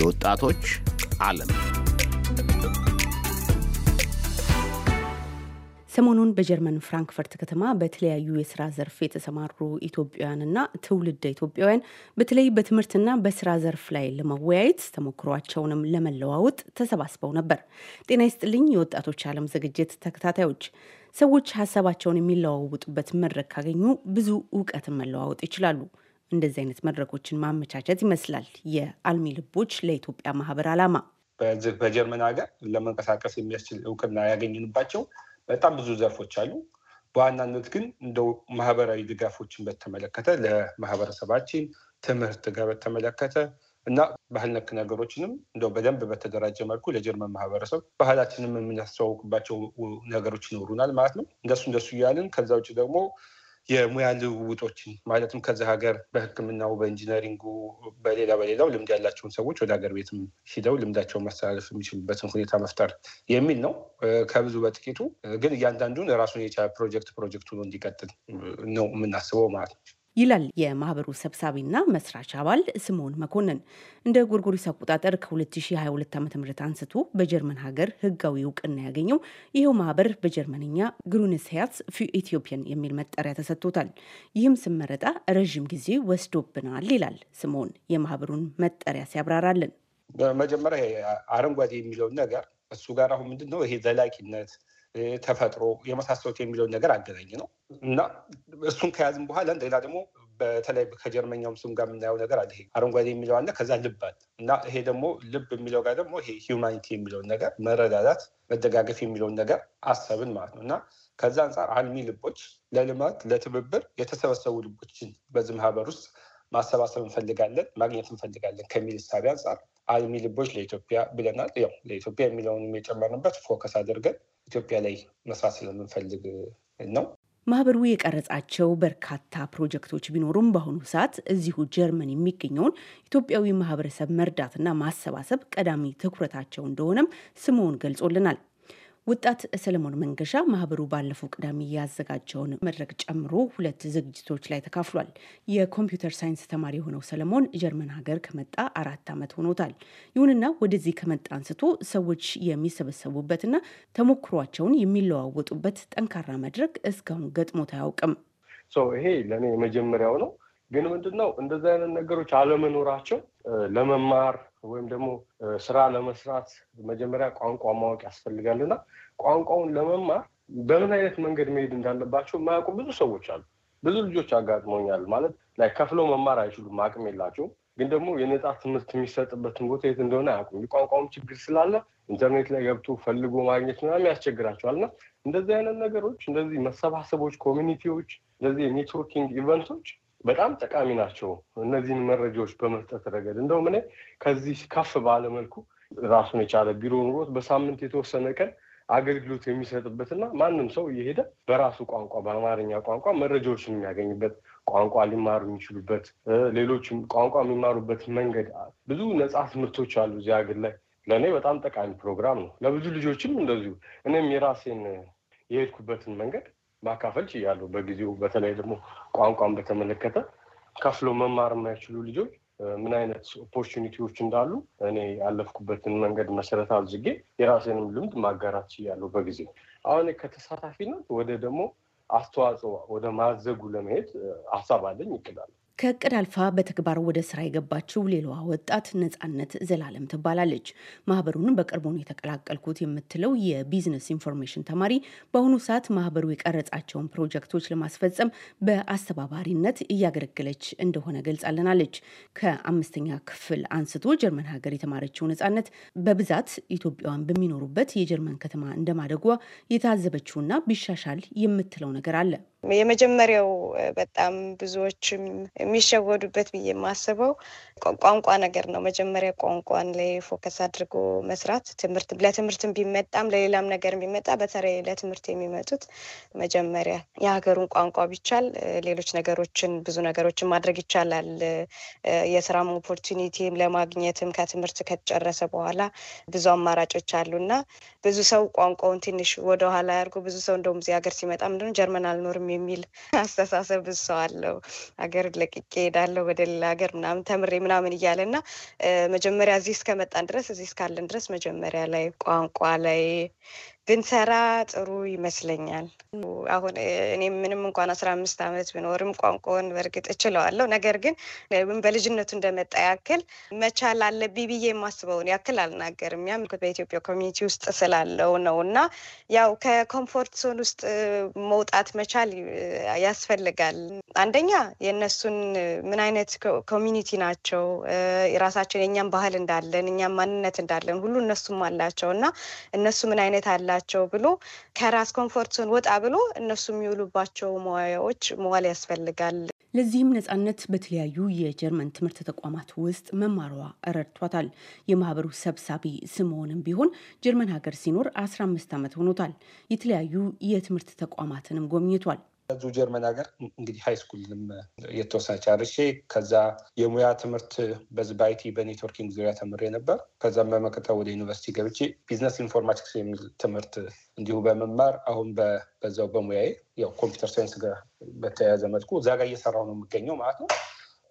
የወጣቶች ዓለም ሰሞኑን በጀርመን ፍራንክፈርት ከተማ በተለያዩ የስራ ዘርፍ የተሰማሩ ኢትዮጵያውያንና ትውልደ ኢትዮጵያውያን በተለይ በትምህርትና በስራ ዘርፍ ላይ ለመወያየት ተሞክሯቸውንም ለመለዋወጥ ተሰባስበው ነበር። ጤና ይስጥልኝ የወጣቶች ዓለም ዝግጅት ተከታታዮች። ሰዎች ሀሳባቸውን የሚለዋውጡበት መድረክ ካገኙ ብዙ እውቀትን መለዋወጥ ይችላሉ። እንደዚህ አይነት መድረኮችን ማመቻቸት ይመስላል የአልሚ ልቦች ለኢትዮጵያ ማህበር አላማ በዚህ በጀርመን ሀገር ለመንቀሳቀስ የሚያስችል እውቅና ያገኙንባቸው በጣም ብዙ ዘርፎች አሉ። በዋናነት ግን እንደው ማህበራዊ ድጋፎችን በተመለከተ ለማህበረሰባችን ትምህርት ጋር በተመለከተ እና ባህል ነክ ነገሮችንም እንደው በደንብ በተደራጀ መልኩ ለጀርመን ማህበረሰብ ባህላችንም የምናስተዋውቅባቸው ነገሮች ይኖሩናል ማለት ነው። እንደሱ እንደሱ እያልን ከዛ ውጭ ደግሞ የሙያ ልውውጦችን ማለትም ከዚህ ሀገር በሕክምናው፣ በኢንጂነሪንጉ፣ በሌላ በሌላው ልምድ ያላቸውን ሰዎች ወደ ሀገር ቤትም ሂደው ልምዳቸውን ማስተላለፍ የሚችሉበትን ሁኔታ መፍጠር የሚል ነው። ከብዙ በጥቂቱ ግን እያንዳንዱን ራሱን የቻለ ፕሮጀክት ፕሮጀክቱ እንዲቀጥል ነው የምናስበው ማለት ነው። ይላል የማህበሩ ሰብሳቢና መስራች አባል ስሞን መኮንን። እንደ ጎርጎሪስ አቆጣጠር ከ2022 ዓ ም አንስቶ በጀርመን ሀገር ህጋዊ እውቅና ያገኘው ይኸው ማህበር በጀርመንኛ ግሩንስ ሄርዝ ፊ ኢትዮጵያን የሚል መጠሪያ ተሰጥቶታል። ይህም ስመረጣ ረዥም ጊዜ ወስዶብናል ይላል ስሞን የማህበሩን መጠሪያ ሲያብራራልን። በመጀመሪያ አረንጓዴ የሚለውን ነገር እሱ ጋር አሁን ምንድነው ይሄ ዘላቂነት ተፈጥሮ የመሳሰሉት የሚለውን ነገር አገናኝ ነው እና እሱን ከያዝም በኋላ እንደገና ደግሞ በተለይ ከጀርመኛውም ስም ጋር የምናየው ነገር አለ። ይሄ አረንጓዴ የሚለው አለ፣ ከዛ ልብ አለ እና ይሄ ደግሞ ልብ የሚለው ጋር ደግሞ ይሄ ሂውማኒቲ የሚለውን ነገር መረዳዳት፣ መደጋገፍ የሚለውን ነገር አሰብን ማለት ነው እና ከዛ አንጻር አልሚ ልቦች ለልማት ለትብብር የተሰበሰቡ ልቦችን በዚህ ማህበር ውስጥ ማሰባሰብ እንፈልጋለን፣ ማግኘት እንፈልጋለን ከሚል ሳቢ አንጻር አልሚ ልቦች ለኢትዮጵያ ብለናል። ያው ለኢትዮጵያ የሚለውን የጨመርንበት ፎከስ አድርገን ኢትዮጵያ ላይ መስራት ስለምንፈልግ ነው። ማህበሩ የቀረጻቸው በርካታ ፕሮጀክቶች ቢኖሩም በአሁኑ ሰዓት እዚሁ ጀርመን የሚገኘውን ኢትዮጵያዊ ማህበረሰብ መርዳትና ማሰባሰብ ቀዳሚ ትኩረታቸው እንደሆነም ስምዖን ገልጾልናል። ወጣት ሰለሞን መንገሻ ማህበሩ ባለፈው ቅዳሜ ያዘጋጀውን መድረክ ጨምሮ ሁለት ዝግጅቶች ላይ ተካፍሏል። የኮምፒውተር ሳይንስ ተማሪ የሆነው ሰለሞን ጀርመን ሀገር ከመጣ አራት ዓመት ሆኖታል። ይሁንና ወደዚህ ከመጣ አንስቶ ሰዎች የሚሰበሰቡበትና ተሞክሯቸውን የሚለዋወጡበት ጠንካራ መድረክ እስካሁን ገጥሞት አያውቅም። ይሄ ለእኔ የመጀመሪያው ነው። ግን ምንድነው እንደዚህ አይነት ነገሮች አለመኖራቸው ለመማር ወይም ደግሞ ስራ ለመስራት መጀመሪያ ቋንቋ ማወቅ ያስፈልጋልና ቋንቋውን ለመማር በምን አይነት መንገድ መሄድ እንዳለባቸው የማያውቁ ብዙ ሰዎች አሉ። ብዙ ልጆች አጋጥሞኛል። ማለት ላይ ከፍለው መማር አይችሉም፣ አቅም የላቸውም። ግን ደግሞ የነጻ ትምህርት የሚሰጥበትን ቦታ የት እንደሆነ አያውቁም። የቋንቋውም ችግር ስላለ ኢንተርኔት ላይ ገብቶ ፈልጎ ማግኘት ምናምን ያስቸግራቸዋል። እና እንደዚህ አይነት ነገሮች እንደዚህ መሰባሰቦች፣ ኮሚኒቲዎች፣ እንደዚህ የኔትወርኪንግ ኢቨንቶች በጣም ጠቃሚ ናቸው። እነዚህን መረጃዎች በመስጠት ረገድ እንደውም እኔ ከዚህ ከፍ ባለመልኩ ራሱን የቻለ ቢሮ ኑሮት በሳምንት የተወሰነ ቀን አገልግሎት የሚሰጥበትና ማንም ሰው እየሄደ በራሱ ቋንቋ በአማርኛ ቋንቋ መረጃዎችን የሚያገኝበት ቋንቋ ሊማሩ የሚችሉበት ሌሎች ቋንቋ የሚማሩበት መንገድ ብዙ ነጻ ትምህርቶች አሉ እዚህ ሀገር ላይ ለእኔ በጣም ጠቃሚ ፕሮግራም ነው። ለብዙ ልጆችም እንደዚሁ እኔም የራሴን የሄድኩበትን መንገድ ማካፈል ችያለሁ። በጊዜው በተለይ ደግሞ ቋንቋን በተመለከተ ከፍሎ መማር የማይችሉ ልጆች ምን አይነት ኦፖርቹኒቲዎች እንዳሉ እኔ ያለፍኩበትን መንገድ መሰረት አድርጌ የራሴንም ልምድ ማጋራት ችያለሁ በጊዜው። አሁን ከተሳታፊነት ወደ ደግሞ አስተዋጽኦ ወደ ማዘጉ ለመሄድ ሀሳብ አለኝ ይቅዳለሁ። ከእቅድ አልፋ በተግባር ወደ ስራ የገባችው ሌላዋ ወጣት ነጻነት ዘላለም ትባላለች። ማህበሩን በቅርቡ ነው የተቀላቀልኩት የምትለው የቢዝነስ ኢንፎርሜሽን ተማሪ በአሁኑ ሰዓት ማህበሩ የቀረጻቸውን ፕሮጀክቶች ለማስፈጸም በአስተባባሪነት እያገለገለች እንደሆነ ገልጻልናለች። ከአምስተኛ ክፍል አንስቶ ጀርመን ሀገር የተማረችው ነጻነት በብዛት ኢትዮጵያውያን በሚኖሩበት የጀርመን ከተማ እንደማደጓ የታዘበችውና ቢሻሻል የምትለው ነገር አለ። የመጀመሪያው በጣም ብዙዎችም የሚሸወዱበት ብዬ የማስበው ቋንቋ ነገር ነው። መጀመሪያ ቋንቋን ላይ ፎከስ አድርጎ መስራት ትምህርት ለትምህርትም ቢመጣም ለሌላም ነገር ቢመጣ በተለይ ለትምህርት የሚመጡት መጀመሪያ የሀገሩን ቋንቋ ቢቻል ሌሎች ነገሮችን ብዙ ነገሮችን ማድረግ ይቻላል። የስራም ኦፖርቹኒቲም ለማግኘትም ከትምህርት ከተጨረሰ በኋላ ብዙ አማራጮች አሉ እና ብዙ ሰው ቋንቋውን ትንሽ ወደኋላ ያርጉ። ብዙ ሰው እንደውም እዚህ ሀገር ሲመጣ ምንድነው ጀርመን አልኖርም የሚል አስተሳሰብ ብዙ ሰው አለው ሀገር ተጠንቅቄ ሄዳለሁ ወደ ሌላ ሀገር ምናምን ተምሬ ምናምን እያለ እና መጀመሪያ እዚህ እስከመጣን ድረስ እዚህ እስካለን ድረስ መጀመሪያ ላይ ቋንቋ ላይ ብንሰራ ጥሩ ይመስለኛል። አሁን እኔ ምንም እንኳን አስራ አምስት ዓመት ብኖርም ቋንቋውን በእርግጥ እችለዋለሁ። ነገር ግን በልጅነቱ እንደመጣ ያክል መቻል አለብኝ ብዬ የማስበውን ያክል አልናገርም። ያም በኢትዮጵያ ኮሚኒቲ ውስጥ ስላለው ነው እና ያው ከኮምፎርት ዞን ውስጥ መውጣት መቻል ያስፈልጋል። አንደኛ የእነሱን ምን አይነት ኮሚኒቲ ናቸው የራሳቸውን የእኛም ባህል እንዳለን እኛም ማንነት እንዳለን ሁሉ እነሱም አላቸው እና እነሱ ምን አይነት አላ ላቸው ብሎ ከራስ ኮምፎርት ወጣ ብሎ እነሱ የሚውሉባቸው መዋያዎች መዋል ያስፈልጋል። ለዚህም ነጻነት በተለያዩ የጀርመን ትምህርት ተቋማት ውስጥ መማሯ ረድቷታል። የማህበሩ ሰብሳቢ ስምዖንም ቢሆን ጀርመን ሀገር ሲኖር 15 ዓመት ሆኖታል። የተለያዩ የትምህርት ተቋማትንም ጎብኝቷል። እዚሁ ጀርመን ሀገር እንግዲህ ሃይስኩልም የተወሰነ ጨርሼ ከዛ የሙያ ትምህርት በዚህ በአይቲ በኔትወርኪንግ ዙሪያ ተምሬ ነበር። ከዛም በመቀጠል ወደ ዩኒቨርሲቲ ገብቼ ቢዝነስ ኢንፎርማቲክስ የሚል ትምህርት እንዲሁ በመማር አሁን በዛው በሙያዬ ያው ኮምፒውተር ሳይንስ ጋር በተያያዘ መልኩ እዛ ጋር እየሰራው ነው የምገኘው ማለት ነው።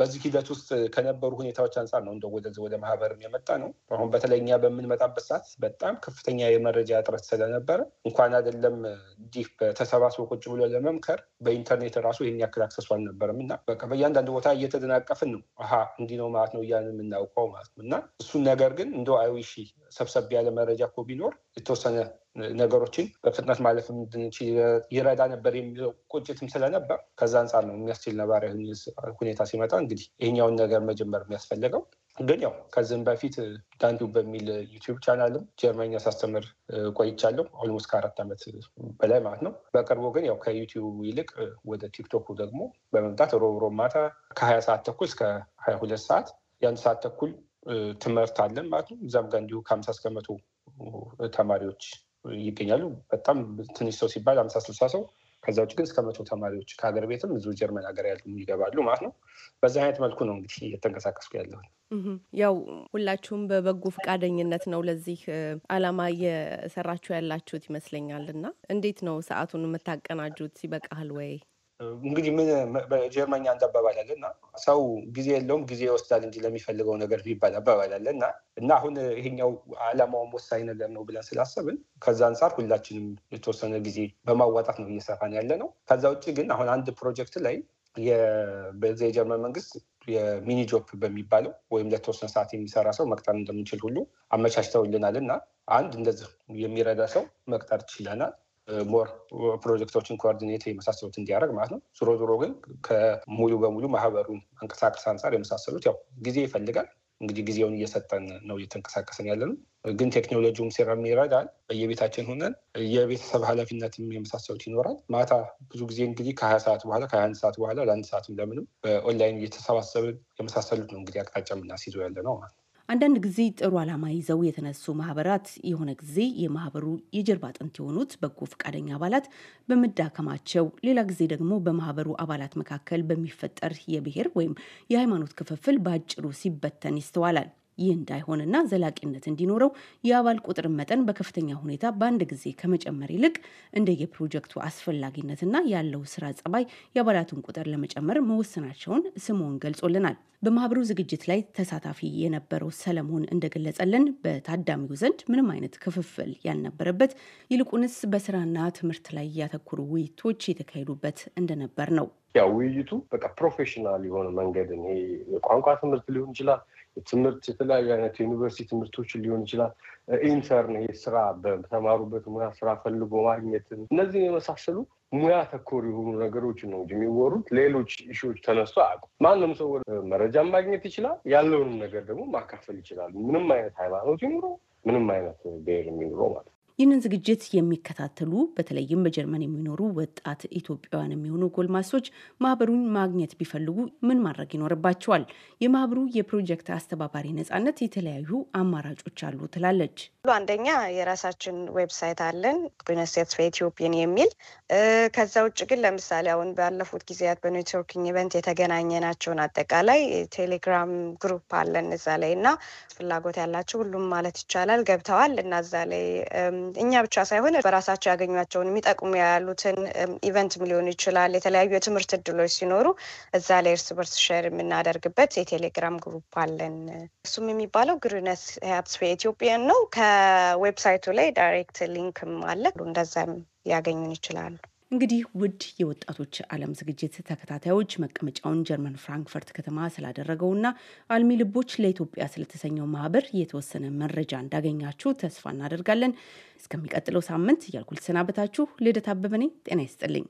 በዚህ ሂደት ውስጥ ከነበሩ ሁኔታዎች አንጻር ነው እንደ ወደ ማህበርም የመጣ ነው። አሁን በተለይ እኛ በምንመጣበት ሰዓት በጣም ከፍተኛ የመረጃ እጥረት ስለነበረ እንኳን አይደለም እንዲህ ተሰባስቦ ቁጭ ብሎ ለመምከር በኢንተርኔት ራሱ ይህን ያክል አክሰሱ አልነበረም እና በቃ በእያንዳንድ ቦታ እየተደናቀፍን ነው። አሀ እንዲህ ነው ማለት ነው እያን የምናውቀው ማለት ነው እና እሱን ነገር ግን እንደ አይዊሺ ሰብሰብ ያለ መረጃ እኮ ቢኖር የተወሰነ ነገሮችን በፍጥነት ማለፍ እንድንችል ይረዳ ነበር የሚለው ቁጭትም ስለነበር ከዛ አንጻር ነው የሚያስችል ነባሪ ሁኔታ ሲመጣ እንግዲህ ይህኛውን ነገር መጀመር የሚያስፈልገው ግን ያው ከዚህም በፊት ዳንዱ በሚል ዩቲዩብ ቻናልም ጀርመኛ ሳስተምር ቆይቻለሁ። ኦልሞስት ከአራት ዓመት በላይ ማለት ነው። በቅርቡ ግን ያው ከዩቲዩብ ይልቅ ወደ ቲክቶኩ ደግሞ በመምጣት ሮብሮ ማታ ከሀያ ሰዓት ተኩል እስከ ሀያ ሁለት ሰዓት የአንድ ሰዓት ተኩል ትምህርት አለን ማለት ነው። እዛም ጋር እንዲሁ ከሀምሳ እስከ መቶ ተማሪዎች ይገኛሉ። በጣም ትንሽ ሰው ሲባል አምሳ ስልሳ ሰው ከዛ ውጭ ግን እስከ መቶ ተማሪዎች ከሀገር ቤትም እዚሁ ጀርመን ሀገር ያሉ ይገባሉ ማለት ነው። በዛ አይነት መልኩ ነው እንግዲህ እየተንቀሳቀስኩ ያለሁት። ያው ሁላችሁም በበጎ ፈቃደኝነት ነው ለዚህ አላማ እየሰራችሁ ያላችሁት ይመስለኛል። እና እንዴት ነው ሰዓቱን የምታቀናጁት? ይበቃል ወይ? እንግዲህ ምን ጀርመኛ አንድ አባባል አለ እና ሰው ጊዜ የለውም ጊዜ ይወስዳል እንጂ ለሚፈልገው ነገር ቢባል አባባል አለ እና እና አሁን ይሄኛው አላማውም ወሳኝ ነገር ነው ብለን ስላሰብን ከዛ አንጻር ሁላችንም የተወሰነ ጊዜ በማዋጣት ነው እየሰራን ያለ ነው። ከዛ ውጭ ግን አሁን አንድ ፕሮጀክት ላይ በዚ የጀርመን መንግስት የሚኒ ጆፕ በሚባለው ወይም ለተወሰነ ሰዓት የሚሰራ ሰው መቅጠር እንደምንችል ሁሉ አመቻችተውልናል እና አንድ እንደዚህ የሚረዳ ሰው መቅጠር ችለናል። ሞር ፕሮጀክቶችን ኮኦርዲኔት የመሳሰሉት እንዲያደርግ ማለት ነው። ዞሮ ዞሮ ግን ከሙሉ በሙሉ ማህበሩን መንቀሳቀስ አንጻር የመሳሰሉት ያው ጊዜ ይፈልጋል። እንግዲህ ጊዜውን እየሰጠን ነው እየተንቀሳቀስን ያለ ነው። ግን ቴክኖሎጂውም ሲረም ይረዳል። በየቤታችን ሆነን የቤተሰብ ኃላፊነት የመሳሰሉት ይኖራል። ማታ ብዙ ጊዜ እንግዲህ ከሀያ ሰዓት በኋላ ከሀያ አንድ ሰዓት በኋላ ለአንድ ሰዓትም ለምንም በኦንላይን እየተሰባሰብን የመሳሰሉት ነው እንግዲህ አቅጣጫ የምናስይዘው ያለ ነው ማለት ነው። አንዳንድ ጊዜ ጥሩ ዓላማ ይዘው የተነሱ ማህበራት የሆነ ጊዜ የማህበሩ የጀርባ አጥንት የሆኑት በጎ ፈቃደኛ አባላት በመዳከማቸው፣ ሌላ ጊዜ ደግሞ በማህበሩ አባላት መካከል በሚፈጠር የብሔር ወይም የሃይማኖት ክፍፍል በአጭሩ ሲበተን ይስተዋላል። ይህ እንዳይሆንና ዘላቂነት እንዲኖረው የአባል ቁጥር መጠን በከፍተኛ ሁኔታ በአንድ ጊዜ ከመጨመር ይልቅ እንደየፕሮጀክቱ አስፈላጊነትና ያለው ስራ ጸባይ የአባላቱን ቁጥር ለመጨመር መወሰናቸውን ስምኦን ገልጾልናል። በማህበሩ ዝግጅት ላይ ተሳታፊ የነበረው ሰለሞን እንደገለጸልን በታዳሚው ዘንድ ምንም አይነት ክፍፍል ያልነበረበት ይልቁንስ በስራና ትምህርት ላይ ያተኮሩ ውይይቶች የተካሄዱበት እንደነበር ነው። ያው ውይይቱ በቃ ፕሮፌሽናል የሆነ መንገድን ቋንቋ ትምህርት ሊሆን ይችላል ትምህርት የተለያዩ አይነት ዩኒቨርሲቲ ትምህርቶች ሊሆን ይችላል። ኢንተርን ይሄ ስራ በተማሩበት ሙያ ስራ ፈልጎ ማግኘትን እነዚህን የመሳሰሉ ሙያ ተኮር የሆኑ ነገሮች ነው የሚወሩት ሌሎች ኢሹዎች ተነስቶ አያውቁም። ማንም ሰው መረጃ ማግኘት ይችላል። ያለውንም ነገር ደግሞ ማካፈል ይችላል። ምንም አይነት ሃይማኖት ይኑረው፣ ምንም አይነት ብሔር የሚኑረው ማለት ነው። ይህንን ዝግጅት የሚከታተሉ በተለይም በጀርመን የሚኖሩ ወጣት ኢትዮጵያውያን የሚሆኑ ጎልማሶች ማህበሩን ማግኘት ቢፈልጉ ምን ማድረግ ይኖርባቸዋል? የማህበሩ የፕሮጀክት አስተባባሪ ነጻነት የተለያዩ አማራጮች አሉ ትላለች። አንደኛ የራሳችን ዌብሳይት አለን ዩኒቨርስቲትስ ኢትዮጵያን የሚል ከዛ ውጭ ግን ለምሳሌ አሁን ባለፉት ጊዜያት በኔትወርኪንግ ኢቨንት ናቸውን አጠቃላይ ቴሌግራም ግሩፕ አለን እዛ ላይ እና ፍላጎት ያላቸው ሁሉም ማለት ይቻላል ገብተዋል እና እዛ ላይ እኛ ብቻ ሳይሆን በራሳቸው ያገኟቸውን የሚጠቅሙ ያሉትን ኢቨንትም ሊሆን ይችላል። የተለያዩ የትምህርት እድሎች ሲኖሩ እዛ ላይ እርስ በርስ ሸር የምናደርግበት የቴሌግራም ግሩፕ አለን። እሱም የሚባለው ግሪነት ሀብስ በኢትዮጵያን ነው። ከዌብሳይቱ ላይ ዳይሬክት ሊንክም አለ። እንደዛም ሊያገኙን ይችላሉ። እንግዲህ ውድ የወጣቶች ዓለም ዝግጅት ተከታታዮች መቀመጫውን ጀርመን ፍራንክፈርት ከተማ ስላደረገውና አልሚ ልቦች ለኢትዮጵያ ስለተሰኘው ማህበር የተወሰነ መረጃ እንዳገኛችሁ ተስፋ እናደርጋለን። እስከሚቀጥለው ሳምንት እያልኩ ልሰናበታችሁ። ልደት አበበ ነኝ። ጤና ይስጥልኝ።